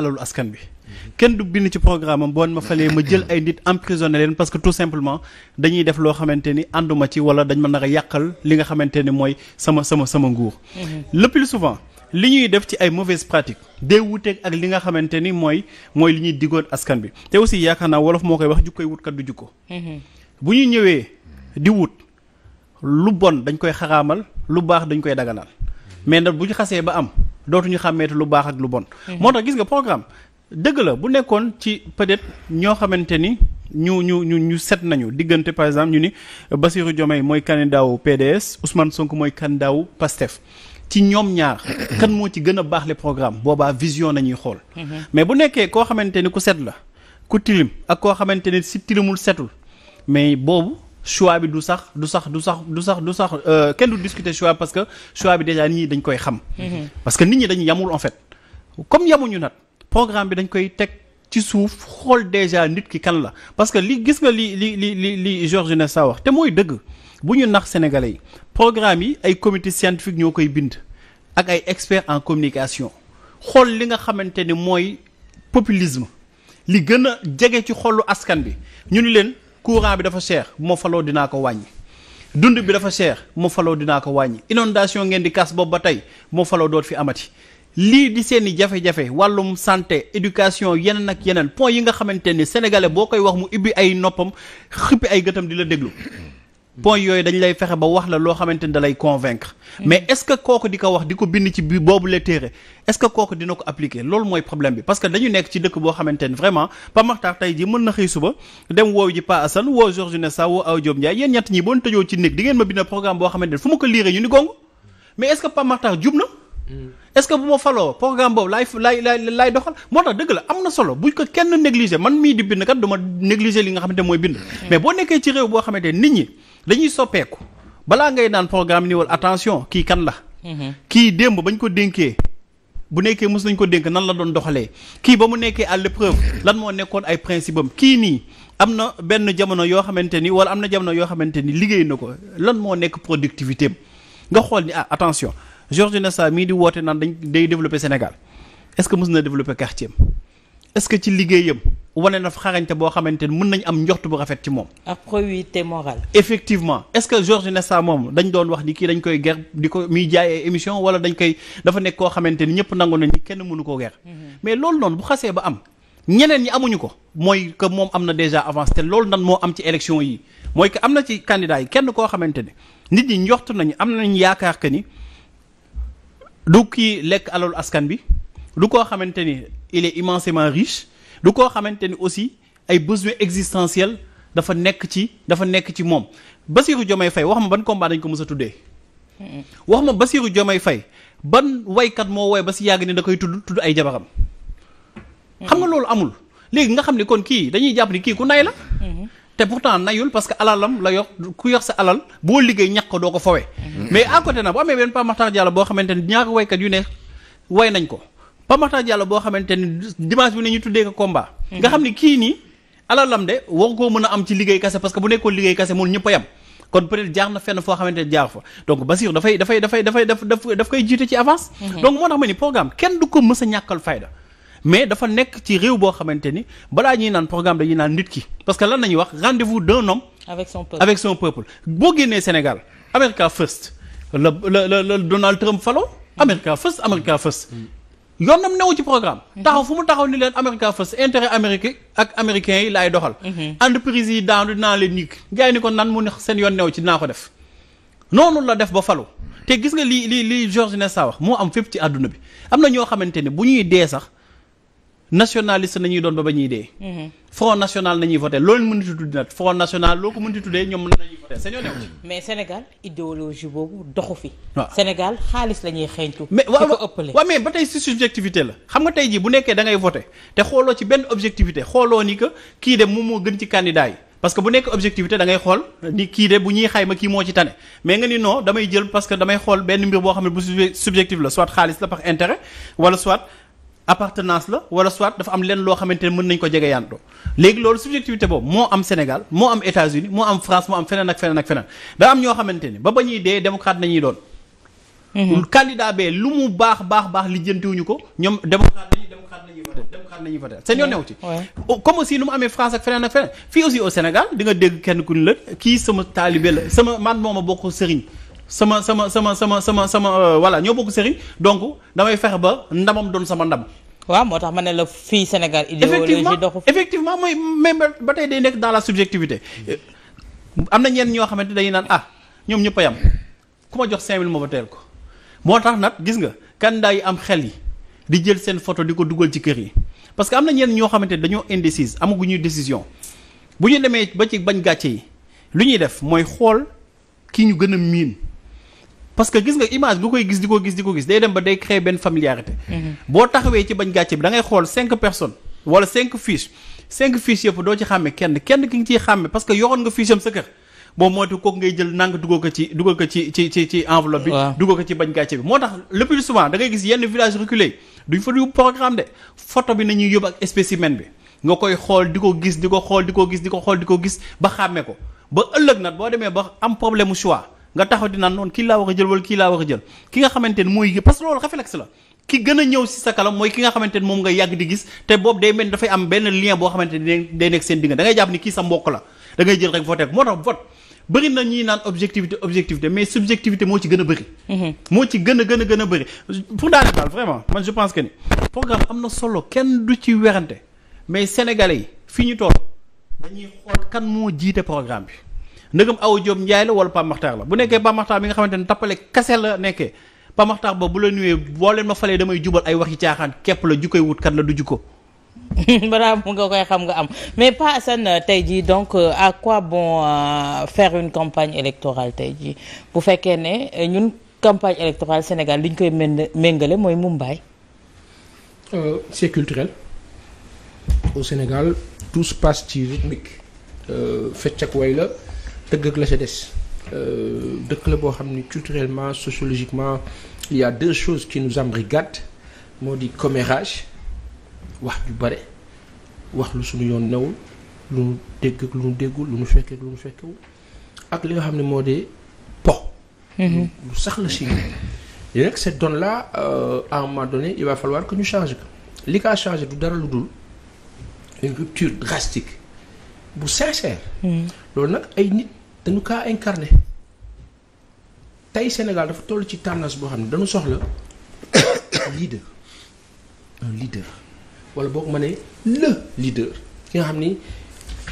alalu askan bi kenn du bind ci programme am boon ma falee ma jël ay nit emprisonné leen parce que tout simplement dañuy def loo xamante ni ànduma ci wala dañ ma nar a yàqal li nga xamante ni mooy sama sama sama nguur mhm. le plus souvent li ñuy def ci ay mauvaises pratique day wuuteeg ak li nga xamante ni mooy mooy li ñuy diggoon askan bi te aussi yaakaar naa wolof moo koy wax ju jukkoy wutkat du jukko mhm. bu ñu ñëwee di wut lu bon dañ koy xaraamal lu baax dañ koy daganal mais nag bu ñu xasee ba am dootuñu xàmmeete lu baax ak lu bon. Mhm. moo tax gis nga programme dëgg la bu nekkoon ci peut-être ñoo xamante ni ñu ñu ñu ñu set nañu diggante par exemple ñu ni euh, Bassirou Diomaye mooy candidat wu PDS Ousmane Sonko mooy candidat wu PASTEF. ci ñoom ñaar mhm. kan moo ci gën a baax le programme boobaa vision nañuy xool mhm. mais bu nekkee koo xamante ni ku set la ku tilim ak koo xamante ni si tilimul setul mais boobu choix bi du sax du sax du sax du sax du sax euh, kenn du discuter choix parce que choix bi déjà nit ñi dañ koy xam. Mhm. parce que nit ñi dañu yamul en fait comme yamuñu nag programme bi dañ koy teg ci suuf xool déjà nit ki kan la parce que li gis nga li li li li li Georges Nessa wax te mooy dëgg bu ñu nax sénégalais yi programme yi ay comité scientifique ñoo koy bind ak ay experts en communication xool li nga xamante ni mooy populisme li gën a jege ci xolu askan bi ñu ni leen. courant bi dafa seer moo faloo dinaa ko wàññi dund bi dafa seer moo faloo dinaa ko wàññi inondation ngeen di kaas boobu ba tey moo faloo doot fi amati lii di seen i jafe-jafe wàllum sante éducation yeneen ak yeneen point yi nga xamante ni sénégalais boo koy wax mu ibbi ay noppam xippi ay gëtam di la déglu point yooyu dañ lay fexe ba wax la loo xamante ni da lay convaincre mais est kooku di ko wax di ko bind ci bi boobu la téere est kooku dina ko appliquer loolu mooy problème bi parce que dañu nekk ci dëkk boo xamante vraiment Pa Makhtar tey mën na xëy suba dem woow ji Pa Assane woo Georges Nessa woo Aw Diop Ndiaye yéen ñett ñi boo tëjoo ci néeg di ma bind programme boo xamante fu ma ko liiree ñu ni gong mais est-ce jub na mm. est bu dañuy soppeeku balaa ngay naan programme ni wal attention kii kan la. Mhm. kii démb bañ ko dénkee. bu nekkee mos nañ ko dénk nan la doon doxalee kii ba mu nekkee à l'épreuve lan moo nekkoon ay principe am kii nii am na benn jamono yoo xamante ni wala am na jamono yoo xamante ni liggéey na ko lan moo nekk productivité nga xool ni ah attention Georges saa mii di woote nan dañ day développer Sénégal est-ce que mos na développer quartier am est-ce que ci liggéeyam. wane na xarañte boo xamante ni mën nañ am njoxtu bu rafet ci moom. ak probité morale. effectivement est-ce que Georges Nesta moom dañ doon wax ni kii dañ koy ger di ko muy jaayee émission wala dañ koy dafa nekk koo xamante ni ñëpp nangu nañ kenn mënu koo ger. Mhm. mais loolu noonu bu xasee ba am. ñeneen ñi amuñu ko mooy que moom am na déjà avancé te loolu nan moo am ci élection yi mooy que am na ci candidat yi kenn koo xamante ne nit ñi njoxtu nañu am nañu yaakaar que ni du kii lekk alalu askan bi du koo xamante ni il est immensément riche. du koo xamante ni aussi ay besoins existentiels dafa nekk ci dafa nekk ci moom Bassirou Diomaye fay wax ma ban combat dañ ko mës a tuddee. wax ma Bassirou Diomaye fay ban waykat moo woy ba si yàgg ni da koy tudd tudd ay jabaram. xam nga loolu amul léegi nga xam ne kon kii dañuy jàpp ni kii ku nay la. te pourtant nayul parce que alalam la yor ku yor sa alal boo liggéey ñàkk ko doo ko fawee. mais à côté nag bu amee benn Pa Makhtar Diallo boo xamante ni ñaari waykat yu ne way nañ ko. Pape Makhtar Diallo boo xamante ni dimanche bi ne ñu tuddee ko combat. nga xam ni kii nii alalam de war koo mën a am ci liggéey kase parce que bu nekkoon liggéey kase moom ñëpp a yem kon peut-être jaar na fenn foo xamante ne jaar fa donc Basir dafay dafay dafay dafay daf daf daf koy jiite ci avance. Mhm. donc moo tax ma ni programme kenn du ko mës a ñàkkal fayda. mais dafa nekk ci réew boo xamante ni balaa ñuy naan programme dañuy naan nit ki parce que lan nañuy wax rendez-vous d'un homme. avec son peuple avec son peuple boo génnee Sénégal America first la la la Donald Trump falo America first America first. yoon yoonam newu ci programme. Mhm. taxaw fu mu taxaw ni leen America first intérêt américain ak américains yi laay doxal. Mhm. entreprise yi daanu dinaa leen ñig gars yi ni ko nan mu ne seen yoon new ci dinaa ko def. noonu la def ba falu te gis nga li li li George Nesta wax moo am fépp ci àdduna bi am na ñoo xamante ne bu ñuy dee sax nationaliste nañuy doon ba ba ñuy dee. Mhm. front national nañuy voté loolu mën di tudd nag front national loo ko mën di tuddee ñoom mën nañuy voté seen yoon mais Sénégal idéologie boobu doxu fi. waaw Sénégal xaalis la ñuy xeeñtu. mais waaw waaw mais ba tey si subjectivité la xam nga tey jii bu nekkee da ngay voté te xooloo ci benn objectivité xooloo ni que kii de moom moo gën ci candidat yi. parce que bu nekk objectivité da ngay xool ni kii de bu ñuy xayma kii moo ci tane mais nga ni non damay jël parce que damay xool benn mbir boo xam ne bu subjectif la soit xaalis la par intérêt wala soit appartenance la wala soit dafa am lenn loo xamante ne mën nañ ko jege yàndoo léegi loolu subjectivité boobu moo am Sénégal moo am États-Unis moo am France moo am feneen ak feneen ak feneen daa am ñoo xamante ni ba ba ñuy dee démocrate nañuy doon. Mhm. candidat lu mu baax baax baax lijjantiwuñu ko ñoom démocrate nañuy démocrate nañuy voté démocrate nañuy voté seen yoon newu ci. comme mu amee France ak feneen fii aussi au Sénégal di nga dégg kenn ku ni la kii sama taalibe la sama man moom ma bokk sëriñ. sama sama sama sama sama sama euh, voilà ñoo bokk sëriñ donc damay fexe ba ndamam doon sama ndam. waaw moo tax ma ne la fii Sénégal. idéologie doxu effectivement mooy même ba tey day nekk dans la subjectivité. Euh, am na ñenn ñoo xamante dañuy naan ah ñoom ñëpp a yam ku ma jox 5000 ma ko moo tax nag gis nga candidat yi am xel yi di jël seen photo di ko dugal ci kër yi parce que am na ñenn ñoo xamante dañoo indécise amaguñu décision bu ñu demee ba ci bañ gàcce yi lu ñuy def mooy xool ki ñu gën a miin. parce que gis nga image bu koy gis di ko gis di ko gis day dem ba day créer benn familiarité. boo taxawee ci bañ gàcce bi da ngay xool cinq personnes wala cinq fiches doo ci xàmme kenn kenn ki nga ciy xàmme que yoroon nga fiche am sa kër. boo moytu kooku ngay jël nang dugal ko ci dugal ko ci bañ gàcce bi moo tax le plus souvent da ngay gis yenn village reculé duñ fa yóbbu programme de photo bi nañuy yóbbu nga koy xool di ko gis di ko xool di ko gis di ko xool di ko gis ba xàmme ko ba ëllëg nag boo demee ba am problème mu nga taxaw di naan noonu kii laa wax a jël wala kii laa wax a jël ki nga xamante ni mooy parce que loolu réflexe la ki gën a ñëw si sa kalam mooy ki nga xamante ni moom nga yàgg di gis te boobu day mel dafay am benn lien boo xamante ni day nekk seen digga da ngay jàpp ni kii sa mbokk la da ngay jël rek voté moo tax vote bëri na ñuy naan objectivité objectivité mais subjectivité moo ci gën a bëri mhm. moo ci gën a gën a gën a bëri pour daane daal vraiment man je pense que ni programme am na solo kenn du ci werante mais sénégalais yi fi ñu toll dañuy xool kan moo jiite programme bi ndëgam Awa Diop Ndiaye la wala Pape la bu nekkee Pape Makhtar bi nga xamante ne tappale kese la nekkee Pape Makhtar ba bu la nuyee boo leen ma falee damay jubal ay waxi caaxaan képp la jukoy wut kat la du jukko balaa mu nga koy xam nga am mais Pa Assane euh, tey jii donc euh, à quoi bon euh, faire une campagne électorale tey jii bu fekkee ne ñun campagne électorale Sénégal li ñu koy méngale mooy Mumbai. c'est culturel au Sénégal tout se ci rythmique fecc la. tëgg ak la ca des euh, dëkk la boo xam ni culturellement sociologiquement il y a deux choses qui nous embrigadent moo di commérage wax ju bare wax lu suñu yoon newul lu ñu dégg lu ñu déggul lu ñu fekkee lu ñu fekkewul ak li nga xam ne moo di po mhm. lu sax la si léegi nag cette donne là euh, li kaa changé du dara lu dul une rupture drastique bu sincère mhm. loolu nag ay nit danu kaa incarné tey Sénégal dafa toll ci tendance boo xam ne dañu soxla leader un leader wala boo ko ne le leader ki nga xam ni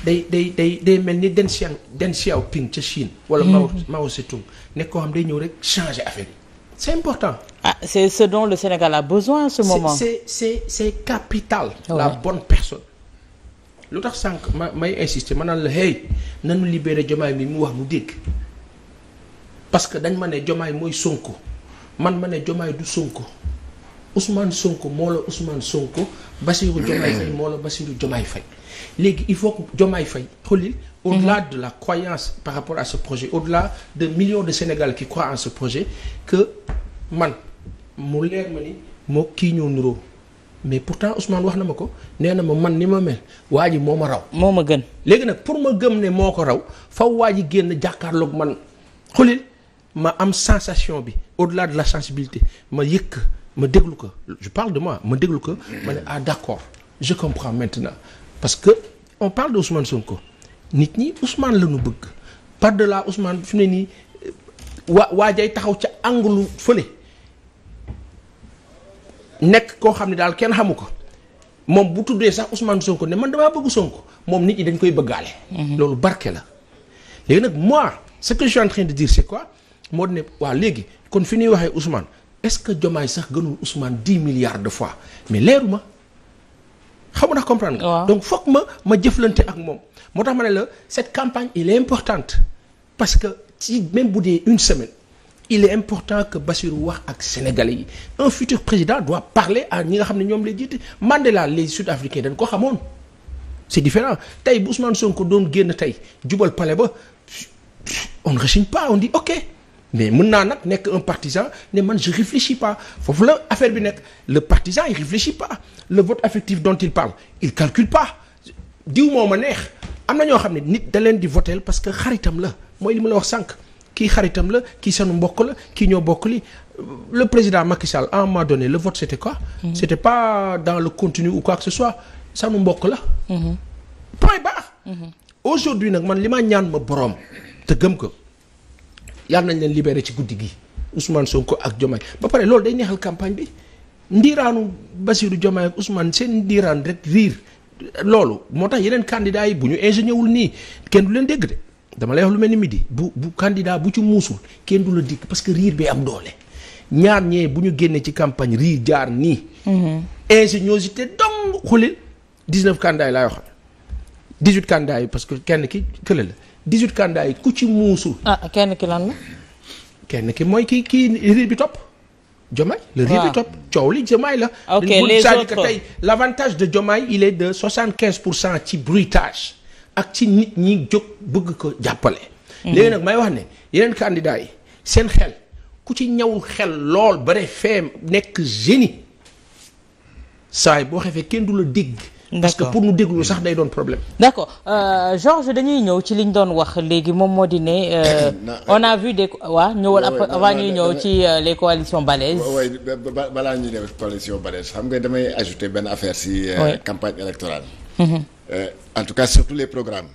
day day day day mel ni Deng Xiao Deng Xiaoping ca Chine. wala hmm. Mao Mao Zedong nekk koo xam day ñëw rek changer affaire yi c'est important. ah c'est ce dont le Sénégal a besoin en ce moment. c'est c'est c'est capital. Ah la bonne personne. lu tax sànq ma may insister ma naan la hey nanu libéré jomaay mi mu wax mu dégg parce que dañ ma ne jomaay mooy Sonko man ma ne jomaay du Sonko Ousmane Sonko moo la Ousmane Sonko Bassirou Diomaye Faye moo la Bassirou Diomaye Faye léegi il faut que Diomaye Faye xoolil au-delà de la croyance par rapport à ce projet au-delà de millions de Sénégalais qui croient en ce projet que man mu leer ma ni moo kii ñoo nuroo mais pourtant Ousmane wax na ma ko nee na ma man ni ma mel waa ji moo ma raw. moo ma gën léegi nag pour ma gëm ne moo ko raw faw waa ji génn jàkkaarlook man xulil ma am sensation bi au-delà de la sensibilité ma yëkk ma déglu ko je parle de moi ma déglu ko ma ne ah d'accord je comprends maintenant parce que on parle de Ousmane ko nit ñi Ousmane la ñu bëgg de delà Ousmane fu ne nii waa ay taxaw ca angulu fële. nekk koo xam ne daal kenn xamu ko moom bu tuddee sax usmaan Sonko ne man damaa bëgg Sonko moom nit ñi dañ koy bëggaale. Mhm. loolu barke la. léegi nag mois ce que je suis de dire c'est quoi moo di ne waaw léegi kon fi ñuy waxee Ousmane est-ce que Diomaye sax gënul Ousmane dix milliards de fois mais leeru ma xam nga comprendre nga. donc foog ma ma jëflante ak moom. moo tax ma ne la cette campagne il est importante parce que ci même bu dee une semaine. il est important que Bassirou wax ak sénégalais yi un futur président doit parler à ñi nga xam ne ñoom lay jiite Mandela les sud-africains dañ ko xamoon c'est différent tey bu Ousmane Sonko doon génn tey jubal pale ba on ne rechigne pas on dit ok mais mën naa nag nekk un partisan ne man je réfléchis pas foofu la affaire bi nekk le partisan il réfléchit pas le vote affectif dont il parle il calcule pas diw moo ma neex am na ñoo xam ne nit da leen di voter parce que xaritam la mooy li ma la wax sànq. kii xaritam la ki seen mbokk la kii ñoo bokk li le président Macky Sall à un moment donné le vote c'était quoi mm -hmm. c'était pas dans le contenu ou quoi que sanu mbokk la mhm. point baax mhm. aujourd'hui nag man li ma ñaan ma boroom te gëm ko yàlla nañ leen libéré ci guddi gi Ousmane Sonko ak Diomaye ba pare loolu day neexal campagne bi ndiiraanu Bassirou Diomaye ak Ousmane seen ndiiraan rek riir loolu moo tax yeneen candidats yi bu ñu ingénieur nii kenn du leen dégg dama lay wax lu mel ni midi bu bu candidat bu ci muusul kenn du la dikk parce que riir bi am doole ñaar ñee bu ñu génnee ci campagne riir jaar nii. Mhm. ingéniosité dong xulil 19 candidats yi laay waxal 18 candidats yi parce que kenn ki kële la 18 candidats yi ku ci muusul. Ah, kenn ki lan la. kenn ki mooy ki kii riir bi topp. Diomaye le riir bi ah. topp coow li Diomaye la. ok les autres tey l' avantage de Diomaye il est de 75 pour cent ci bruitage. ak ci nit ñi jóg bugg ko jàppale. Mm-hmm. léegi nag may wax ne yeneen candidat yi seen xel ku ci ñëw xel lool ba ne nekk génie saay boo xefee kenn du la dégg. parce que pour nu déglu sax day doon problème. d' accord euh, dañuy ñëw ci li ñu doon wax léegi moom moo di ne. Euh, on a vu des waa ñëwal avant ñuy ñëw ci euh, les coalitions balèzes. oui balaa ñuy def coalition balèze xam nga damay ajouter benn affaire si. Euh, campagne électorale. Mm-hmm. Euh, en tout cas surtout les programmes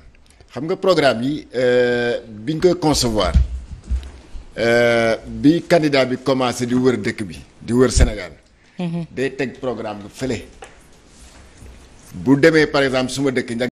xam nga programme yi euh, biñ koy concevoir euh, bi candidat bi commencé di wër dëkk bi di wër Sénégal mhm. day teg programme bi fële bu demee par exemple suma dëkk